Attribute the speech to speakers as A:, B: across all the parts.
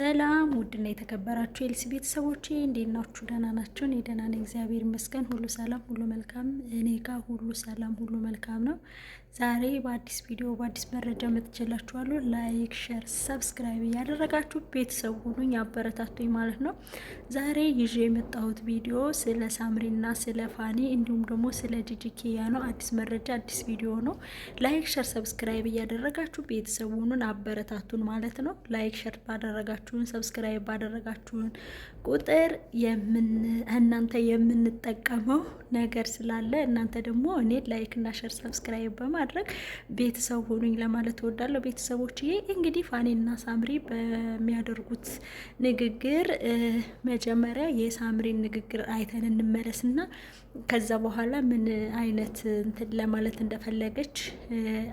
A: ሰላም ውድና የተከበራችሁ የኤልሲ ቤተሰቦች እንዴት ናችሁ? ደህና ናችሁ? እኔ ደህና ነኝ፣ እግዚአብሔር ይመስገን። ሁሉ ሰላም፣ ሁሉ መልካም። እኔ ጋር ሁሉ ሰላም፣ ሁሉ መልካም ነው። ዛሬ በአዲስ ቪዲዮ በአዲስ መረጃ መጥቼላችኋለሁ። ላይክ፣ ሸር፣ ሰብስክራይብ እያደረጋችሁ ቤተሰብ ሁኑኝ አበረታቱኝ ማለት ነው። ዛሬ ይዤ የመጣሁት ቪዲዮ ስለ ሳምሪና ስለ ፋኒ እንዲሁም ደግሞ ስለ ጂጂኪያ ነው። አዲስ መረጃ አዲስ ቪዲዮ ነው። ላይክ፣ ሸር፣ ሰብስክራይብ እያደረጋችሁ ቤተሰብ ሁኑን አበረታቱን ማለት ነው። ላይክ፣ ሸር ባደረጋችሁን ሰብስክራይብ ባደረጋችሁን ቁጥር እናንተ የምንጠቀመው ነገር ስላለ እናንተ ደግሞ እኔ ላይክ እና ሸር ሰብስክራይብ በማ በማድረግ ቤተሰብ ሆኑኝ ለማለት እወዳለሁ። ቤተሰቦችዬ እንግዲህ ፋኒና ሳምሪ በሚያደርጉት ንግግር መጀመሪያ የሳምሪን ንግግር አይተን እንመለስና ከዛ በኋላ ምን አይነት እንትን ለማለት እንደፈለገች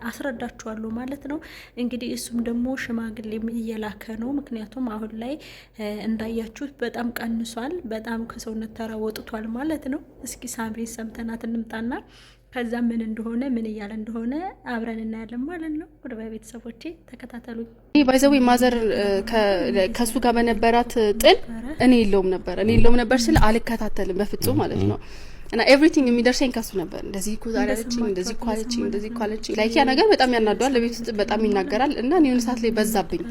A: አስረዳችኋለሁ ማለት ነው። እንግዲህ እሱም ደግሞ ሽማግሌ እየላከ ነው። ምክንያቱም አሁን ላይ እንዳያችሁት በጣም ቀንሷል፣ በጣም ከሰውነት ተራ ወጥቷል ማለት ነው። እስኪ ሳምሪን ሰምተናት እንምጣና ከዛ ምን እንደሆነ ምን እያለ እንደሆነ አብረን እናያለን ማለት ነው። ወደ ቤተሰቦቼ ተከታተሉ።
B: ባይዘዌ ማዘር ከእሱ ጋር በነበራት ጥል እኔ የለውም ነበር እኔ የለውም ነበር ስል አልከታተልም በፍጹም ማለት ነው። እና ኤቭሪቲንግ የሚደርሰኝ ከሱ ነበር። እንደዚህ እኮ ዛሬ አለችኝ፣ እንደዚህ እኮ አለችኝ፣ እንደዚህ እኮ አለችኝ። ላይክ ያ ነገር በጣም ያናደዋል፣ ለቤት ውስጥ በጣም ይናገራል። እና እኔ የሆነ ሰዓት ላይ በዛብኝ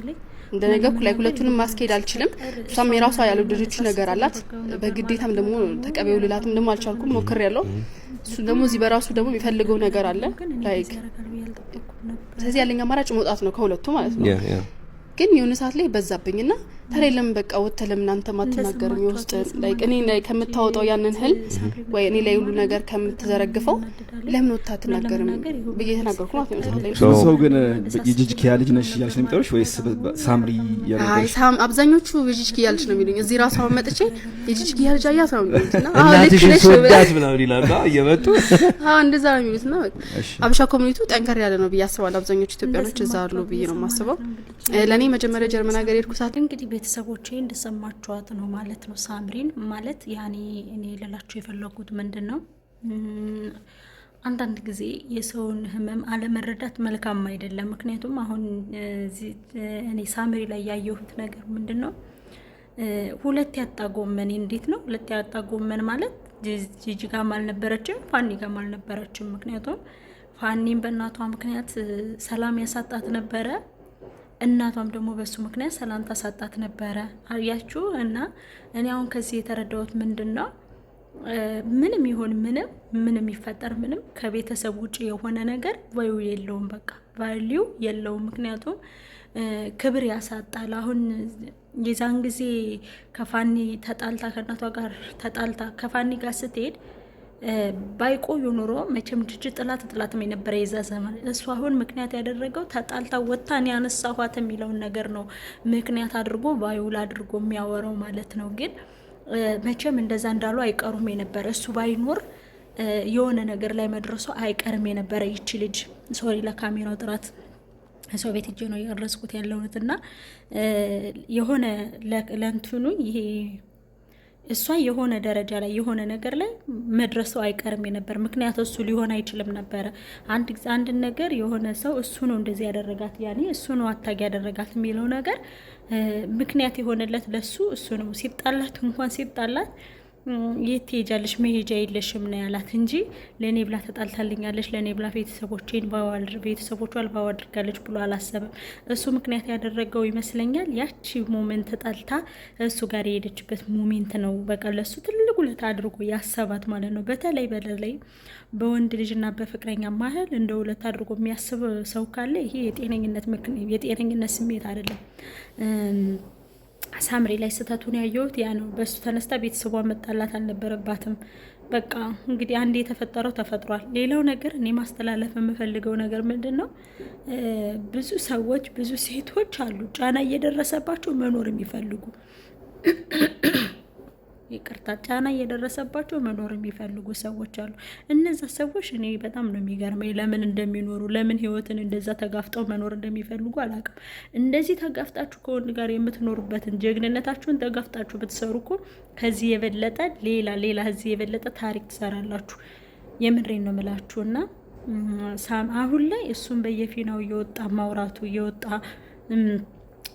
B: እንደነገርኩ ላይ ሁለቱንም ማስኬድ አልችልም። እሷም የራሷ ያልወደደችው ነገር አላት። በግዴታም ደግሞ ተቀበዩ ልላትም ደግሞ አልቻልኩም። ሞክሬያለሁ እሱ ደግሞ እዚህ በራሱ ደግሞ የሚፈልገው ነገር አለ። ላይክ ስለዚህ ያለኝ አማራጭ መውጣት ነው ከሁለቱ ማለት ነው። ግን የሆነ ሰዓት ላይ በዛብኝና ታዲያ ለምን በቃ ወተ ለምን አንተ ማትናገርም? የውስጥ ላይ እኔ ላይ ከምታወጣው ያንን ህል ወይ እኔ ላይ ሁሉ ነገር ከምትዘረግፈው ለምን ወጥተህ አትናገርም ብዬ ተናገርኩ
C: ማለት ነው። ሰው ግን የጂጂ ኪያ ልጅ ነሽ እያለች ነው የሚጠሩሽ ወይስ ሳምሪ?
B: አብዛኞቹ የጂጂ ኪያ ልጅ ነው የሚሉኝ። እዚህ ራሱ አሁን መጥቼ የጂጂ ኪያ ልጅ አያት ነው
C: የሚሉት እና እናትሽን ስወዳት ምናምን ይላሉ እየመጡ
B: እንደዛ ነው የሚሉት እና አበሻ ኮሚኒቱ ጠንከር ያለ ነው ብዬ አስባለሁ። አብዛኞቹ ኢትዮጵያኖች እዛ አሉ ብዬ ነው የማስበው። ለእኔ መጀመሪያ ጀርመን ሀገር የሄድኩ እንግዲህ ቤተሰቦቼ እንደሰማችኋት ነው ማለት ነው። ሳምሪን ማለት ያኔ እኔ ልላችሁ የፈለጉት ምንድን ነው አንዳንድ ጊዜ የሰውን ህመም አለመረዳት መልካም አይደለም። ምክንያቱም አሁን እኔ ሳምሪ ላይ ያየሁት ነገር ምንድን ነው ሁለት ያጣ ጎመን እንዴት ነው? ሁለት ያጣ ጎመን ማለት ጂጂጋም አልነበረችም፣ ጋም አልነበረችም። ምክንያቱም ፋኒም በእናቷ ምክንያት ሰላም ያሳጣት ነበረ። እናቷም ደግሞ በሱ ምክንያት ሰላምታ ሳጣት ነበረ። አያችሁ። እና እኔ አሁን ከዚህ የተረዳሁት ምንድን ነው፣ ምንም ይሁን ምንም፣ ምንም ይፈጠር ምንም፣ ከቤተሰብ ውጭ የሆነ ነገር ቫልዩ የለውም። በቃ ቫልዩ የለውም። ምክንያቱም ክብር ያሳጣል። አሁን የዛን ጊዜ ከፋኒ ተጣልታ ከእናቷ ጋር ተጣልታ ከፋኒ ጋር ስትሄድ ባይቆዩ ኑሮ መቼም ጅጅ ጥላት ጥላትም የነበረ የዛ ዘመን እሱ አሁን ምክንያት ያደረገው ተጣልታ ወታን ያነሳኋት የሚለውን ነገር ነው ምክንያት አድርጎ ባይውል አድርጎ የሚያወራው ማለት ነው። ግን መቼም እንደዛ እንዳሉ አይቀሩም የነበረ እሱ ባይኖር የሆነ ነገር ላይ መድረሱ አይቀርም የነበረ ይቺ ልጅ ሶሪ፣ ለካሜራው ጥራት ሰው ቤት እጄ ነው ያረስኩት ያለውነትና የሆነ ለንትኑ ይሄ እሷ የሆነ ደረጃ ላይ የሆነ ነገር ላይ መድረሰው አይቀርም የነበር ምክንያቱ እሱ ሊሆን አይችልም ነበረ። አንድ ነገር የሆነ ሰው እሱ ነው እንደዚህ ያደረጋት ያኔ እሱ ነው አታጊ ያደረጋት የሚለው ነገር ምክንያት የሆነለት ለሱ እሱ ነው። ሲጣላት እንኳን ሲጣላት የት ትሄጃለሽ? መሄጃ የለሽም ነው ያላት እንጂ ለእኔ ብላ ተጣልታልኛለች፣ ለእኔ ብላ ቤተሰቦቼን ቤተሰቦቿን ባዋ አድርጋለች ብሎ አላሰበም። እሱ ምክንያት ያደረገው ይመስለኛል ያቺ ሞመንት ተጣልታ እሱ ጋር የሄደችበት ሞሜንት ነው። በቃ ለእሱ ትልቅ ውለታ አድርጎ ያሰባት ማለት ነው። በተለይ በተለይ በወንድ ልጅና በፍቅረኛ ማህል እንደ ውለታ አድርጎ የሚያስብ ሰው ካለ ይሄ የጤነኝነት ስሜት አይደለም። ሳምሪ ላይ ስህተቱን ያየሁት ያ ነው። በእሱ ተነስታ ቤተሰቧ መጣላት አልነበረባትም። በቃ እንግዲህ አንድ የተፈጠረው ተፈጥሯል። ሌላው ነገር እኔ ማስተላለፍ የምፈልገው ነገር ምንድን ነው፣ ብዙ ሰዎች ብዙ ሴቶች አሉ ጫና እየደረሰባቸው መኖር የሚፈልጉ ይቅርታ ጫና እየደረሰባቸው መኖር የሚፈልጉ ሰዎች አሉ። እነዛ ሰዎች እኔ በጣም ነው የሚገርመኝ ለምን እንደሚኖሩ ለምን ህይወትን እንደዛ ተጋፍጠው መኖር እንደሚፈልጉ አላውቅም። እንደዚህ ተጋፍጣችሁ ከወንድ ጋር የምትኖሩበትን ጀግንነታችሁን ተጋፍጣችሁ ብትሰሩ እኮ ከዚህ የበለጠ ሌላ ሌላ ከዚህ የበለጠ ታሪክ ትሰራላችሁ። የምሬን ነው የምላችሁ እና ሳም አሁን ላይ እሱም በየፊናው እየወጣ ማውራቱ እየወጣ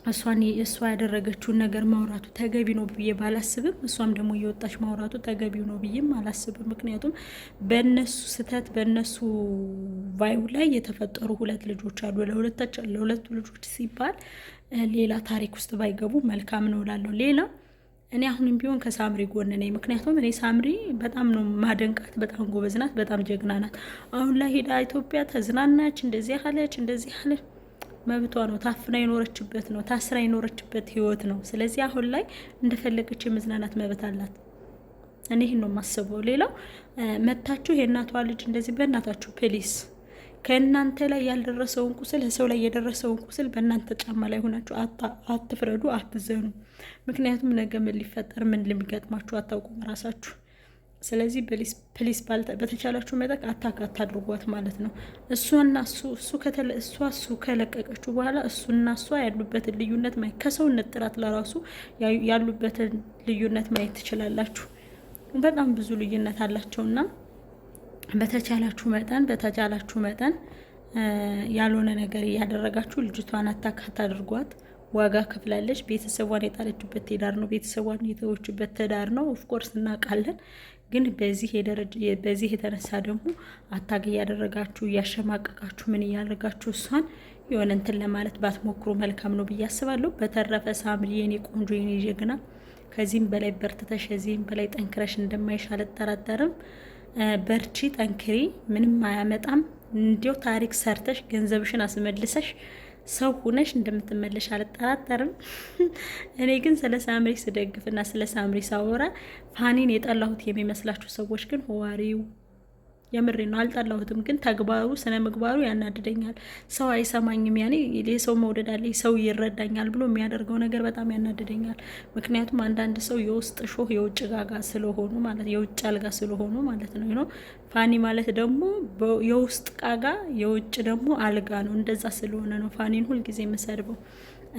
B: እሷን እሷ ያደረገችውን ነገር ማውራቱ ተገቢ ነው ብዬ ባላስብም እሷም ደግሞ እየወጣች ማውራቱ ተገቢ ነው ብዬም አላስብም። ምክንያቱም በእነሱ ስህተት በእነሱ ቫይው ላይ የተፈጠሩ ሁለት ልጆች አሉ። ለሁለቱ ልጆች ሲባል ሌላ ታሪክ ውስጥ ባይገቡ መልካም ነው እላለሁ። ሌላ እኔ አሁንም ቢሆን ከሳምሪ ጎን ነኝ። ምክንያቱም እኔ ሳምሪ በጣም ነው ማደንቃት። በጣም ጎበዝ ናት፣ በጣም ጀግና ናት። አሁን ላይ ሄዳ ኢትዮጵያ ተዝናናች፣ እንደዚህ አለች፣ እንደዚህ አለች መብቷ ነው። ታፍና የኖረችበት ነው። ታስራ የኖረችበት ህይወት ነው። ስለዚህ አሁን ላይ እንደፈለገች የመዝናናት መብት አላት። እኔ ይህን ነው የማስበው። ሌላው መታችሁ የእናቷ ልጅ እንደዚህ በእናታችሁ ፕሊስ፣ ከእናንተ ላይ ያልደረሰውን ቁስል ሰው ላይ የደረሰውን ቁስል በእናንተ ጫማ ላይ ሆናችሁ አትፍረዱ፣ አትዘኑ። ምክንያቱም ነገ ምን ሊፈጠር ምን ልሚገጥማችሁ አታውቁም ራሳችሁ ስለዚህ ፕሊስ በተቻላችሁ መጠቅ አታክ አታድርጓት ማለት ነው። እሷና እሷ እሱ ከለቀቀችው በኋላ እሱና እሷ ያሉበትን ልዩነት ማየት ከሰውነት ጥራት ለራሱ ያሉበትን ልዩነት ማየት ትችላላችሁ። በጣም ብዙ ልዩነት አላቸውና በተቻላችሁ መጠን በተቻላችሁ መጠን ያልሆነ ነገር እያደረጋችሁ ልጅቷን አታክ አታድርጓት። ዋጋ ከፍላለች። ቤተሰቧን የጣለችበት ትዳር ነው። ቤተሰቧን የተወችበት ትዳር ነው። ኦፍኮርስ እናውቃለን። ግን በዚህ የተነሳ ደግሞ አታግ እያደረጋችሁ እያሸማቀቃችሁ ምን እያደረጋችሁ እሷን የሆነ እንትን ለማለት ባትሞክሩ መልካም ነው ብዬ አስባለሁ። በተረፈ ሳምሪ የኔ ቆንጆ የኔ ጀግና ከዚህም በላይ በርትተሽ ከዚህም በላይ ጠንክረሽ እንደማይሽ አልጠራጠርም። በርቺ፣ ጠንክሪ፣ ምንም አያመጣም። እንዲያው ታሪክ ሰርተሽ ገንዘብሽን አስመልሰሽ ሰው ሁነሽ እንደምትመለሽ አልጠራጠርም። እኔ ግን ስለ ሳምሪ ስደግፍና ስለ ሳምሪ ሳወራ ፋኒን የጠላሁት የሚመስላችሁ ሰዎች ግን ሆዋሪው የምሬ ነው። አልጠላሁትም፣ ግን ተግባሩ ስነ ምግባሩ ያናድደኛል። ሰው አይሰማኝም፣ ያኔ የሰው መውደድ አለ፣ ሰው ይረዳኛል ብሎ የሚያደርገው ነገር በጣም ያናድደኛል። ምክንያቱም አንዳንድ ሰው የውስጥ ሾህ የውጭ ጋጋ ስለሆኑ ማለት የውጭ አልጋ ስለሆኑ ማለት ነው ነው ፋኒ ማለት ደግሞ የውስጥ ቃጋ የውጭ ደግሞ አልጋ ነው። እንደዛ ስለሆነ ነው ፋኒን ሁልጊዜ የምሰድበው።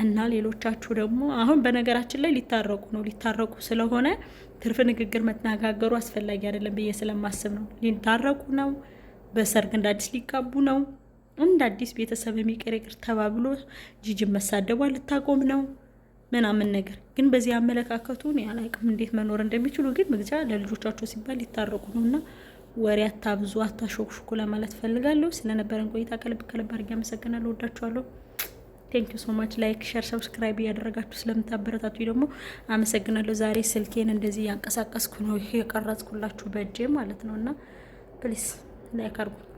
B: እና ሌሎቻችሁ ደግሞ አሁን በነገራችን ላይ ሊታረቁ ነው ሊታረቁ ስለሆነ ትርፍ ንግግር መተነጋገሩ አስፈላጊ አይደለም ብዬ ስለማስብ ነው። ሊታረቁ ነው። በሰርግ እንደ አዲስ ሊጋቡ ነው። እንደ አዲስ ቤተሰብ የሚቀር ይቅር ተባብሎ ጂጂን መሳደቧ ልታቆም ነው ምናምን ነገር ግን በዚህ አመለካከቱ ያላቅም እንዴት መኖር እንደሚችሉ ግን መግጃ ለልጆቻቸው ሲባል ሊታረቁ ነው እና ወሬ አታብዙ፣ አታሾክሹኩ ለማለት ፈልጋለሁ። ስለነበረን ቆይታ ከልብ ከልብ አድርጌ አመሰግናለሁ። ወዳችኋለሁ። ቴንኪዩ ሶ ማች። ላይክ፣ ሸር፣ ሰብስክራይብ እያደረጋችሁ ስለምታበረታቱ ደግሞ አመሰግናለሁ። ዛሬ ስልኬን እንደዚህ ያንቀሳቀስኩ ነው የቀረጽኩላችሁ በእጄ ማለት ነው እና ፕሊስ ላይክ አድርጉ።